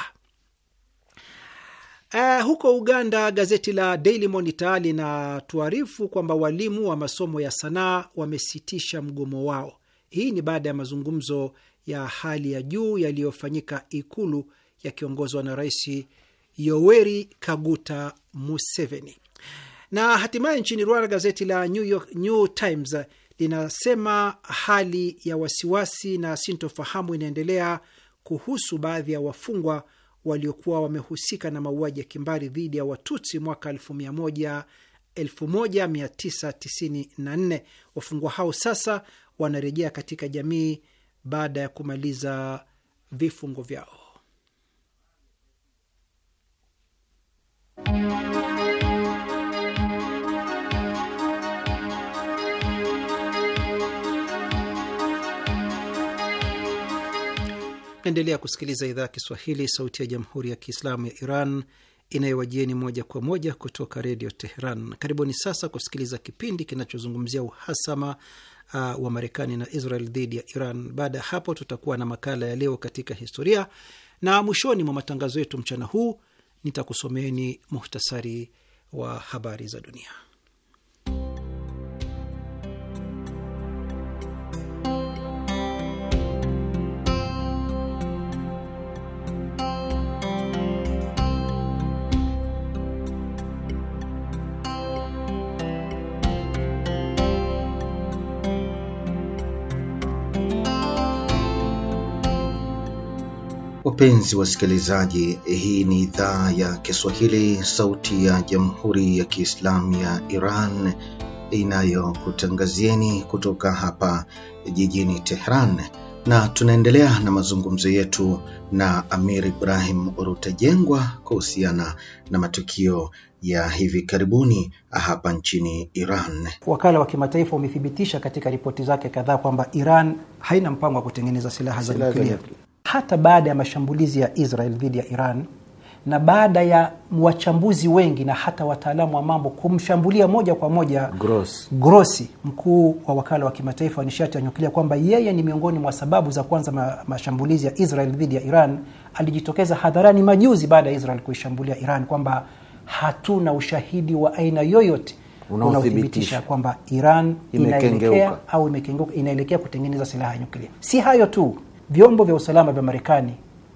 Uh, eh, huko Uganda gazeti la Daily Monitor linatuarifu kwamba walimu wa masomo ya sanaa wamesitisha mgomo wao. Hii ni baada ya mazungumzo ya hali ya juu yaliyofanyika Ikulu yakiongozwa na Rais Yoweri Kaguta Museveni. Na hatimaye nchini Rwanda, gazeti la New York New Times linasema hali ya wasiwasi na sintofahamu inaendelea kuhusu baadhi ya wafungwa waliokuwa wamehusika na mauaji ya kimbari dhidi ya Watutsi mwaka 1994. Wafungwa hao sasa wanarejea katika jamii baada ya kumaliza vifungo vyao. Naendelea kusikiliza idhaa ya Kiswahili, sauti ya jamhuri ya kiislamu ya Iran inayowajieni moja kwa moja kutoka redio Teheran. Karibuni sasa kusikiliza kipindi kinachozungumzia uhasama uh, wa Marekani na Israel dhidi ya Iran. Baada ya hapo, tutakuwa na makala ya leo katika historia, na mwishoni mwa matangazo yetu mchana huu nitakusomeeni muhtasari wa habari za dunia. Wapenzi wasikilizaji, hii ni idhaa ya Kiswahili sauti ya Jamhuri ya Kiislamu ya Iran inayokutangazieni kutoka hapa jijini Tehran, na tunaendelea na mazungumzo yetu na Amir Ibrahim Rutajengwa kuhusiana na matukio ya hivi karibuni hapa nchini Iran. Wakala wa kimataifa umethibitisha katika ripoti zake kadhaa kwamba Iran haina mpango wa kutengeneza silaha za nyuklia hata baada ya mashambulizi ya Israel dhidi ya Iran na baada ya wachambuzi wengi na hata wataalamu wa mambo kumshambulia moja kwa moja Gross, Grossi, mkuu wa wakala wa kimataifa wa nishati ya nyuklia, kwamba yeye ni miongoni mwa sababu za kwanza ma mashambulizi ya Israel dhidi ya Iran, alijitokeza hadharani majuzi baada ya Israel kuishambulia Iran kwamba hatuna ushahidi wa aina yoyote unaothibitisha kwamba Iran inaelekea au imekengeuka, inaelekea kutengeneza silaha ya nyuklia. Si hayo tu vyombo vya usalama vya Marekani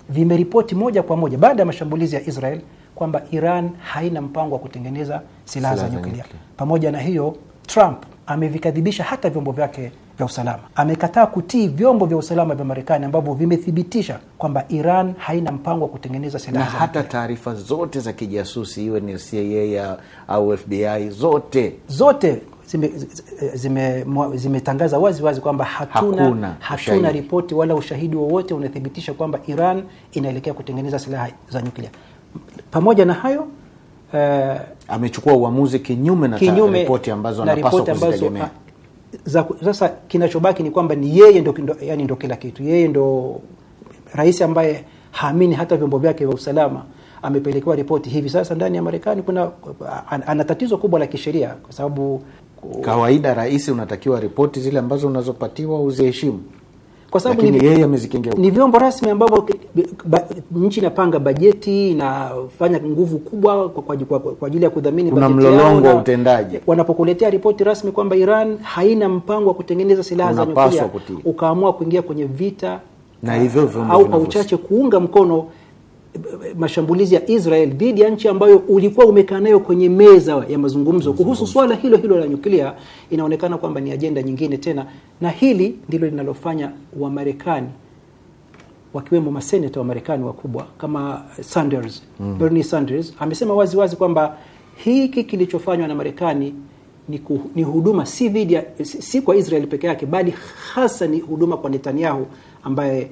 vimeripoti moja kwa moja baada ya mashambulizi ya Israel kwamba Iran haina mpango wa kutengeneza silaha za nyuklia. Pamoja na hiyo, Trump amevikadhibisha hata vyombo vyake vya usalama, amekataa kutii vyombo vya usalama vya Marekani ambavyo vimethibitisha kwamba Iran haina mpango wa kutengeneza silaha na hata taarifa zote za kijasusi, iwe ni CIA au FBI, zote zote zimetangaza zime, zime, waziwazi wazi wazi kwamba hatuna, Hakuna, hatuna ripoti wala ushahidi wowote unathibitisha kwamba Iran inaelekea kutengeneza silaha za nyuklia. Pamoja na hayo uh, amechukua uamuzi kinyume na kinyume, ripoti ambazo anapaswa kuzitegemea. Ah, sasa kinachobaki ni kwamba ni yeye ndo, ndo, yani ndo kila kitu. Yeye ndo rais ambaye haamini hata vyombo vyake vya usalama amepelekewa ripoti hivi sasa ndani ya Marekani. Kuna ana tatizo kubwa la kisheria, kwa sababu kawaida rais unatakiwa ripoti zile ambazo unazopatiwa uziheshimu kwa sababu ni, yeye amezikengea. Ni vyombo rasmi ambavyo nchi inapanga bajeti, inafanya nguvu kubwa kwa ajili kwa, kwa, kwa ya kudhamini bajeti. Kuna mlolongo wa utendaji, wanapokuletea ripoti rasmi kwamba Iran haina mpango wa kutengeneza silaha za nyuklia, ukaamua kuingia kwenye vita na hivyo au kwa uchache kuunga mkono mashambulizi ya Israel dhidi ya nchi ambayo ulikuwa umekaa nayo kwenye meza ya mazungumzo kuhusu swala hilo hilo la nyuklia, inaonekana kwamba ni ajenda nyingine tena, na hili ndilo linalofanya Wamarekani wakiwemo maseneta wa Marekani wakubwa kama Sanders, mm. Bernie Sanders amesema wazi wazi kwamba hiki kilichofanywa na Marekani ni, ku, ni huduma si, dhidi ya, si, si kwa Israel peke yake bali hasa ni huduma kwa Netanyahu ambaye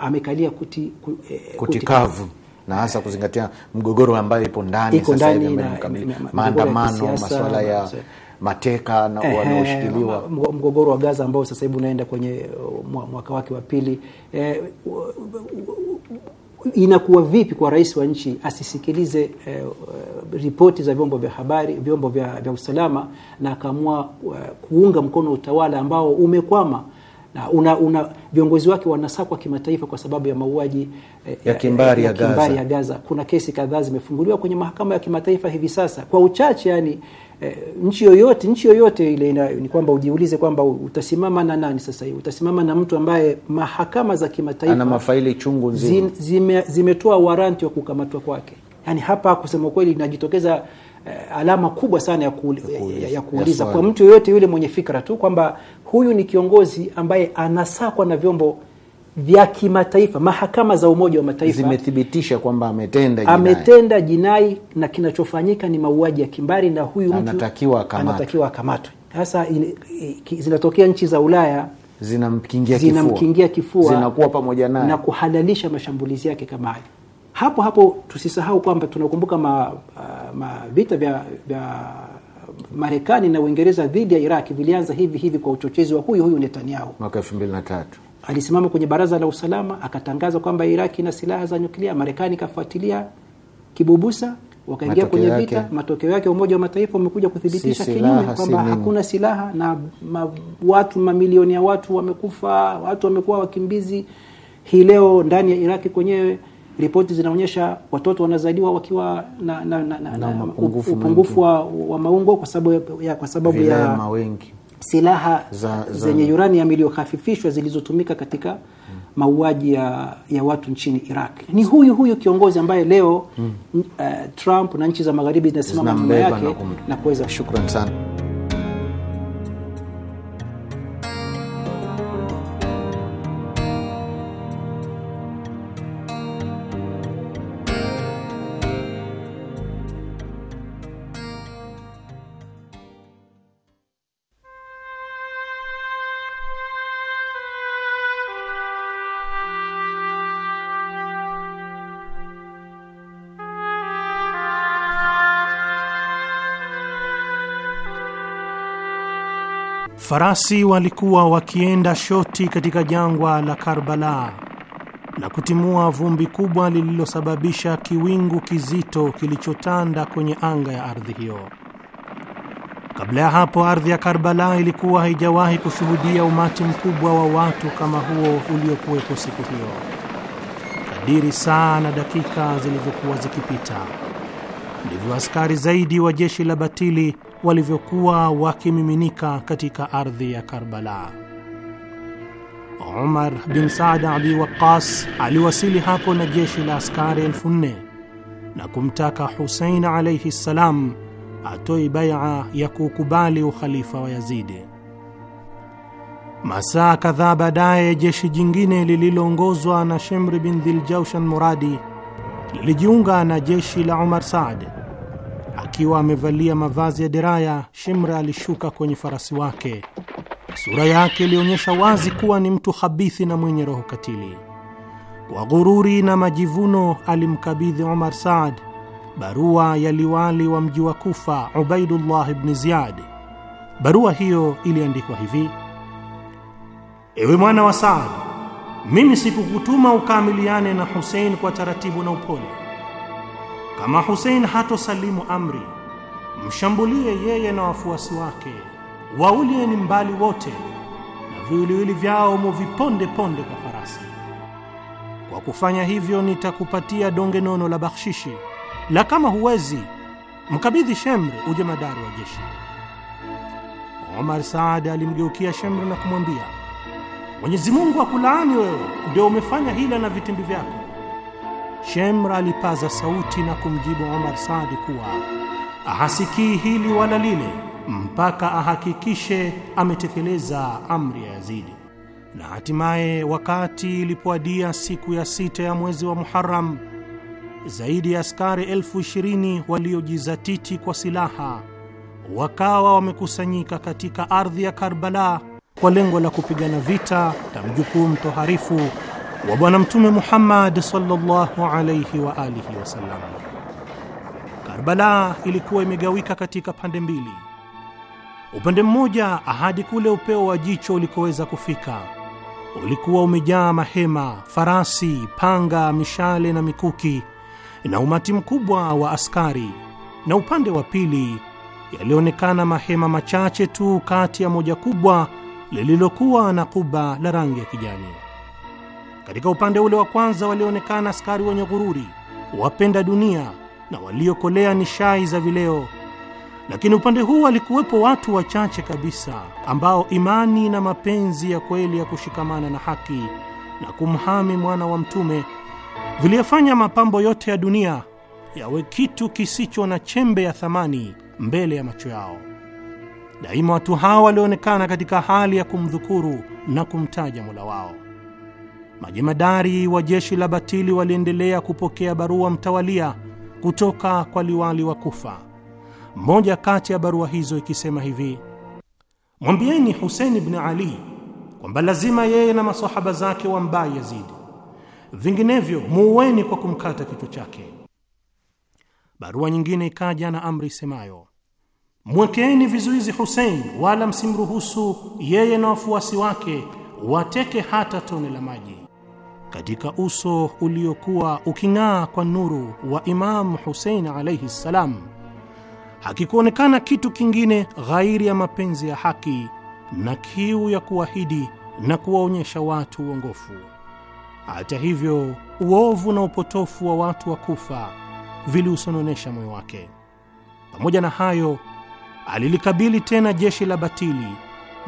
amekalia kuti, ku, eh, kutikavu na hasa kuzingatia mgogoro ambayo ipo ndani iko ndani maandamano, masuala ya mateka na eh, eh, wanaoshikiliwa, mgogoro wa Gaza ambao sasa hivi unaenda kwenye uh, mwaka wake wa pili. eh, inakuwa vipi kwa rais wa nchi asisikilize eh, uh, ripoti za vyombo vya habari, vyombo vya, vya usalama na akaamua uh, kuunga mkono utawala ambao umekwama? na una, una viongozi wake wanasakwa kimataifa kwa sababu ya mauaji eh, ya kimbari ya, ya, ya, ya, ya Gaza. Kuna kesi kadhaa zimefunguliwa kwenye mahakama ya kimataifa hivi sasa kwa uchache yani eh, nchi yoyote nchi yoyote ile ina, ni kwamba ujiulize kwamba utasimama na nani sasa hivi? Utasimama na mtu ambaye mahakama za kimataifa ana mafaili chungu nzima zimetoa zime waranti wa kukamatwa kwake. Yani hapa kusema kweli inajitokeza Eh, alama kubwa sana ya, kuuli, ya, ya kuuliza ya kwa mtu yoyote yule mwenye fikra tu kwamba huyu ni kiongozi ambaye anasakwa na vyombo vya kimataifa. Mahakama za Umoja wa Mataifa zimethibitisha kwamba ametenda jinai, ametenda jinai na kinachofanyika ni mauaji ya kimbari, na huyu mtu anatakiwa akamatwe. Sasa zinatokea nchi za Ulaya zinamkingia kifua, zinamkingia kifua, zinakuwa pamoja naye na kuhalalisha mashambulizi yake kama hayo. Hapo hapo tusisahau kwamba tunakumbuka ma, uh, ma vita vya, vya Marekani na Uingereza dhidi ya Iraq vilianza hivi hivi kwa uchochezi wa huyu huyu Netanyahu mwaka elfu mbili na tatu alisimama kwenye baraza la usalama akatangaza kwamba Iraki ina silaha za nyuklia. Marekani ikafuatilia kibubusa, wakaingia kwenye vita. Matokeo yake Umoja wa Mataifa umekuja kuthibitisha si kinyume kwamba hakuna silaha na ma, watu mamilioni ya watu wamekufa, watu wamekuwa wakimbizi hii leo ndani ya Iraki kwenyewe ripoti zinaonyesha watoto wanazaliwa wakiwa na, na, na, na, na upungufu wa, wa maungo kwa sababu ya, kwa sababu ya silaha za, za, zenye uranium iliyohafifishwa zilizotumika katika hmm. mauaji ya, ya watu nchini Iraq. Ni huyu huyu kiongozi ambaye leo hmm. uh, Trump na nchi za magharibi zinasimama nyuma yake na kuweza. Shukran sana. Farasi walikuwa wakienda shoti katika jangwa la Karbala na kutimua vumbi kubwa lililosababisha kiwingu kizito kilichotanda kwenye anga ya ardhi hiyo. Kabla ya hapo, ardhi ya Karbala ilikuwa haijawahi kushuhudia umati mkubwa wa watu kama huo uliokuwepo siku hiyo. Kadiri saa na dakika zilivyokuwa zikipita, ndivyo askari zaidi wa jeshi la batili walivyokuwa wakimiminika katika ardhi ya Karbala. Umar bin Saad Abi Waqas aliwasili hapo na jeshi la askari elfu nne na kumtaka Husein alaihi ssalam atoe baia ya kuukubali ukhalifa wa Yazidi. Masaa kadhaa baadaye, jeshi jingine lililoongozwa na Shemri bin dhiljaushan Muradi lilijiunga na jeshi la Umar Saad Akiwa amevalia mavazi ya deraya, Shimra alishuka kwenye farasi wake. Sura yake ilionyesha wazi kuwa ni mtu habithi na mwenye roho katili. Kwa ghururi na majivuno, alimkabidhi Omar Saad barua ya liwali wa mji wa Kufa, Ubaidullah bni Ziyad. Barua hiyo iliandikwa hivi: Ewe mwana wa Saad, mimi sikukutuma ukaamiliane na Husein kwa taratibu na upole kama Hussein hatosalimu amri, mshambulie yeye na wafuasi wake, waulieni mbali wote na viwiliwili vyao muviponde ponde kwa farasi. Kwa kufanya hivyo, nitakupatia donge nono la bakhshishi, la kama huwezi mkabidhi Shemri uje ujemadari wa jeshi. Omar Saad alimgeukia Shemri na kumwambia, Mwenyezi Mungu akulaani wewe, ndio umefanya hila na vitimbi vyako. Shemra alipaza sauti na kumjibu Omar Saadi kuwa hasikii hili wala lile mpaka ahakikishe ametekeleza amri ya Yazidi. Na hatimaye wakati ilipoadia siku ya sita ya mwezi wa Muharram, zaidi ya askari elfu ishirini waliojizatiti kwa silaha wakawa wamekusanyika katika ardhi ya Karbala kwa lengo la kupigana vita na mjukuu mtoharifu wa Bwana Mtume Muhammad sallallahu alayhi wa alihi wasallam. Karbala ilikuwa imegawika katika pande mbili, upande mmoja ahadi kule upeo wa jicho ulikoweza kufika ulikuwa umejaa mahema, farasi, panga, mishale na mikuki na umati mkubwa wa askari, na upande wa pili yalionekana mahema machache tu kati ya moja kubwa lililokuwa na kuba la rangi ya kijani. Katika upande ule wa kwanza walionekana askari wenye ghururi, wapenda dunia na waliokolea nishai za vileo, lakini upande huu walikuwepo watu wachache kabisa ambao imani na mapenzi ya kweli ya kushikamana na haki na kumhami mwana wa mtume viliyafanya mapambo yote ya dunia yawe kitu kisicho na chembe ya thamani mbele ya macho yao. Daima watu hawa walionekana katika hali ya kumdhukuru na kumtaja Mola wao majemadari wa jeshi la batili waliendelea kupokea barua mtawalia kutoka kwa liwali wa Kufa. Moja kati ya barua hizo ikisema hivi: mwambieni Husein bni Ali kwamba lazima yeye na masahaba zake wambai Yazidi, vinginevyo muuweni kwa kumkata kichwa chake. Barua nyingine ikaja na amri isemayo Mwekeeni vizuizi Husein, wala msimruhusu yeye na wafuasi wake wateke hata tone la maji katika uso uliokuwa uking'aa kwa nuru wa Imamu Husein alaihi ssalam, hakikuonekana kitu kingine ghairi ya mapenzi ya haki na kiu ya kuahidi na kuwaonyesha watu uongofu. Hata hivyo, uovu na upotofu wa watu wa Kufa viliusononesha moyo wake. Pamoja na hayo, alilikabili tena jeshi la batili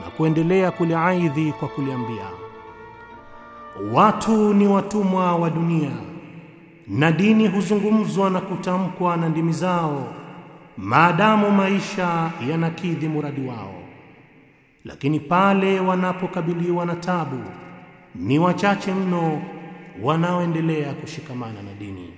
na kuendelea kuliaidhi kwa kuliambia Watu ni watumwa wa dunia na dini huzungumzwa na kutamkwa na ndimi zao maadamu maisha yanakidhi muradi wao, lakini pale wanapokabiliwa na tabu, ni wachache mno wanaoendelea kushikamana na dini.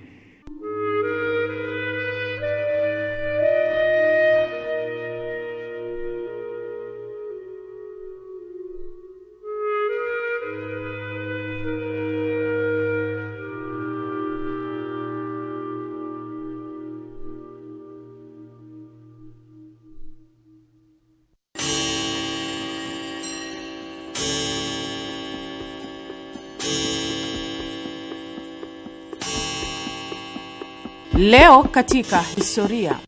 Leo katika historia.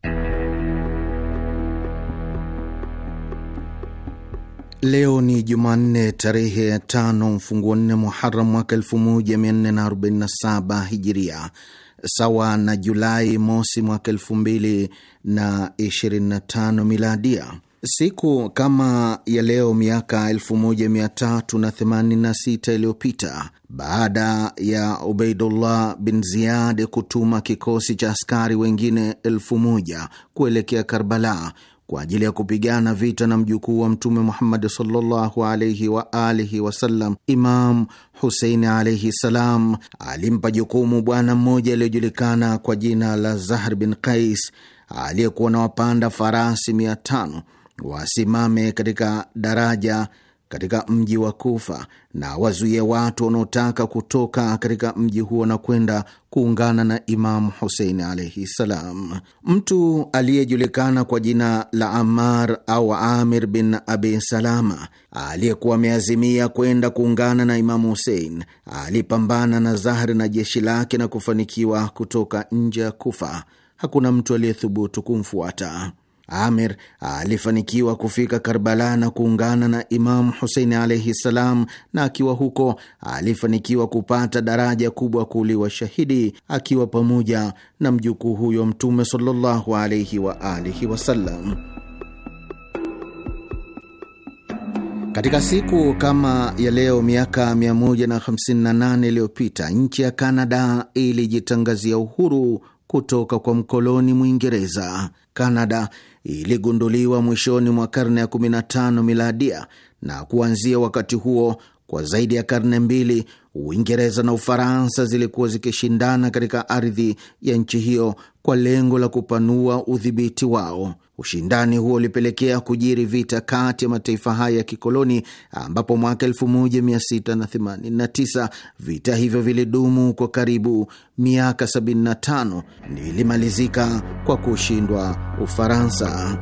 Leo ni Jumanne tarehe ya tano mfunguo nne Muharam mwaka 1447 Hijiria, sawa na Julai mosi mwaka 2025 Miladia. Siku kama ya leo miaka 1386 iliyopita, baada ya Ubaidullah bin Ziyad kutuma kikosi cha askari wengine elfu moja kuelekea Karbala kwa ajili ya kupigana vita na mjukuu wa Mtume Muhammad sallallahu alaihi wa alihi wasallam, Imam Husein alaihi salam alimpa jukumu bwana mmoja aliyojulikana kwa jina la Zahr bin Qais aliyekuwa na wapanda farasi mia tano wasimame katika daraja katika mji wa Kufa na wazuie watu wanaotaka kutoka katika mji huo na kwenda kuungana na Imamu Husein alaihi ssalam. Mtu aliyejulikana kwa jina la amar au Amir bin Abi Salama aliyekuwa ameazimia kwenda kuungana na Imamu Husein alipambana na Zahri na jeshi lake na kufanikiwa kutoka nje ya Kufa. Hakuna mtu aliyethubutu kumfuata. Amir alifanikiwa kufika Karbala na kuungana na Imamu Husein alaihi ssalam, na akiwa huko alifanikiwa kupata daraja kubwa kuuliwa shahidi akiwa pamoja na mjukuu huyo Mtume sallallahu alaihi alihi wasallam. Katika siku kama ya leo miaka 158 iliyopita nchi ya Kanada ilijitangazia uhuru kutoka kwa mkoloni Mwingereza. Kanada iligunduliwa mwishoni mwa karne ya 15 miladia, na kuanzia wakati huo kwa zaidi ya karne mbili Uingereza na Ufaransa zilikuwa zikishindana katika ardhi ya nchi hiyo kwa lengo la kupanua udhibiti wao. Ushindani huo ulipelekea kujiri vita kati ya mataifa haya ya kikoloni, ambapo mwaka 1689 vita hivyo vilidumu kwa karibu miaka 75 nilimalizika kwa kushindwa Ufaransa.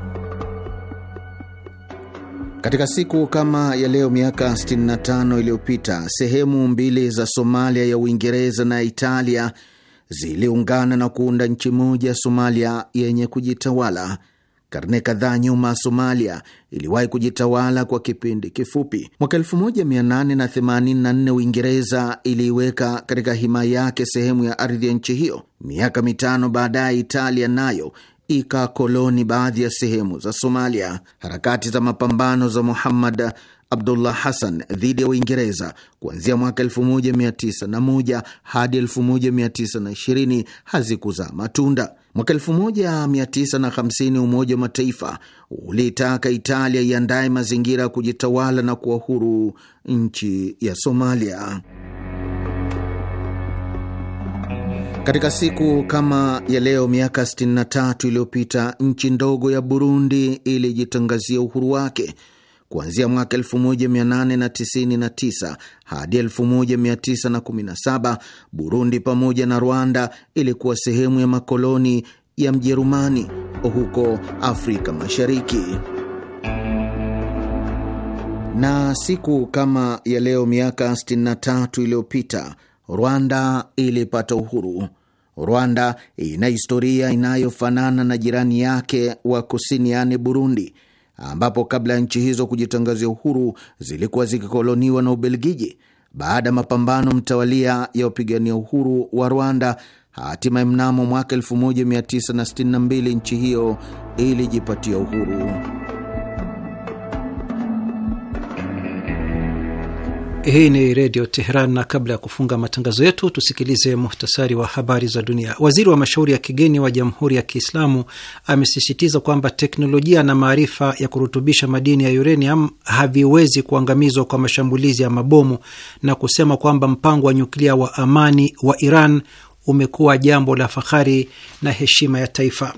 Katika siku kama ya leo miaka 65 iliyopita, sehemu mbili za Somalia ya Uingereza na Italia ziliungana na kuunda nchi moja ya Somalia yenye kujitawala. Karne kadhaa nyuma, Somalia iliwahi kujitawala kwa kipindi kifupi. Mwaka 1884 Uingereza iliiweka katika himaya yake sehemu ya ardhi ya nchi hiyo. Miaka mitano baadaye, Italia nayo ikakoloni baadhi ya sehemu za Somalia. Harakati za mapambano za Muhammad Abdullah Hassan dhidi ya Uingereza kuanzia mwaka 1901 hadi 1920 hazikuzaa matunda. Mwaka 1950 Umoja wa Mataifa uliitaka Italia iandaye mazingira ya kujitawala na kuwa huru nchi ya Somalia. Katika siku kama ya leo miaka 63 iliyopita nchi ndogo ya Burundi ilijitangazia uhuru wake kuanzia mwaka 1899 hadi 1917. Burundi pamoja na Rwanda ilikuwa sehemu ya makoloni ya Mjerumani huko Afrika Mashariki. Na siku kama ya leo miaka 63 iliyopita Rwanda ilipata uhuru. Rwanda ina historia inayofanana na jirani yake wa kusini, yaani Burundi ambapo kabla ya nchi hizo kujitangazia uhuru zilikuwa zikikoloniwa na Ubelgiji. Baada ya mapambano mtawalia ya wapigania uhuru wa Rwanda, hatimaye mnamo mwaka 1962 nchi hiyo ilijipatia uhuru. Hii ni Redio Teheran, na kabla ya kufunga matangazo yetu tusikilize muhtasari wa habari za dunia. Waziri wa mashauri ya kigeni wa Jamhuri ya Kiislamu amesisitiza kwamba teknolojia na maarifa ya kurutubisha madini ya uranium haviwezi kuangamizwa kwa mashambulizi ya mabomu na kusema kwamba mpango wa nyuklia wa amani wa Iran umekuwa jambo la fahari na heshima ya taifa.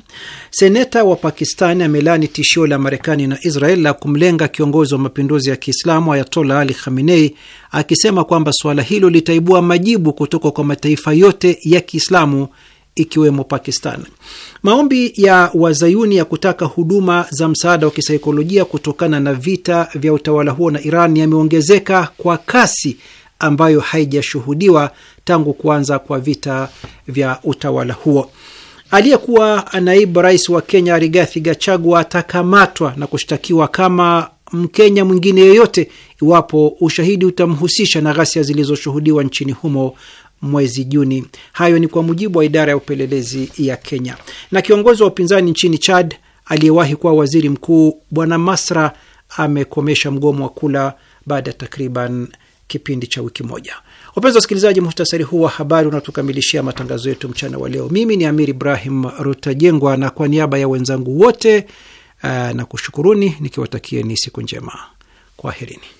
Seneta wa Pakistani amelani tishio la Marekani na Israel la kumlenga kiongozi wa mapinduzi ya Kiislamu Ayatola Ali Khamenei, akisema kwamba suala hilo litaibua majibu kutoka kwa mataifa yote ya Kiislamu ikiwemo Pakistan. Maombi ya wazayuni ya kutaka huduma za msaada wa kisaikolojia kutokana na vita vya utawala huo na Iran yameongezeka kwa kasi ambayo haijashuhudiwa tangu kuanza kwa vita vya utawala huo. Aliyekuwa naibu rais wa Kenya Rigathi Gachagua atakamatwa na kushtakiwa kama Mkenya mwingine yeyote iwapo ushahidi utamhusisha na ghasia zilizoshuhudiwa nchini humo mwezi Juni. Hayo ni kwa mujibu wa idara ya upelelezi ya Kenya. Na kiongozi wa upinzani nchini Chad aliyewahi kuwa waziri mkuu Bwana Masra amekomesha mgomo wa kula baada ya takriban kipindi cha wiki moja. Wapenzi wasikilizaji, muhtasari huu wa habari unatukamilishia matangazo yetu mchana wa leo. Mimi ni Amir Ibrahim Rutajengwa, na kwa niaba ya wenzangu wote eh, na kushukuruni nikiwatakieni siku njema, kwaherini.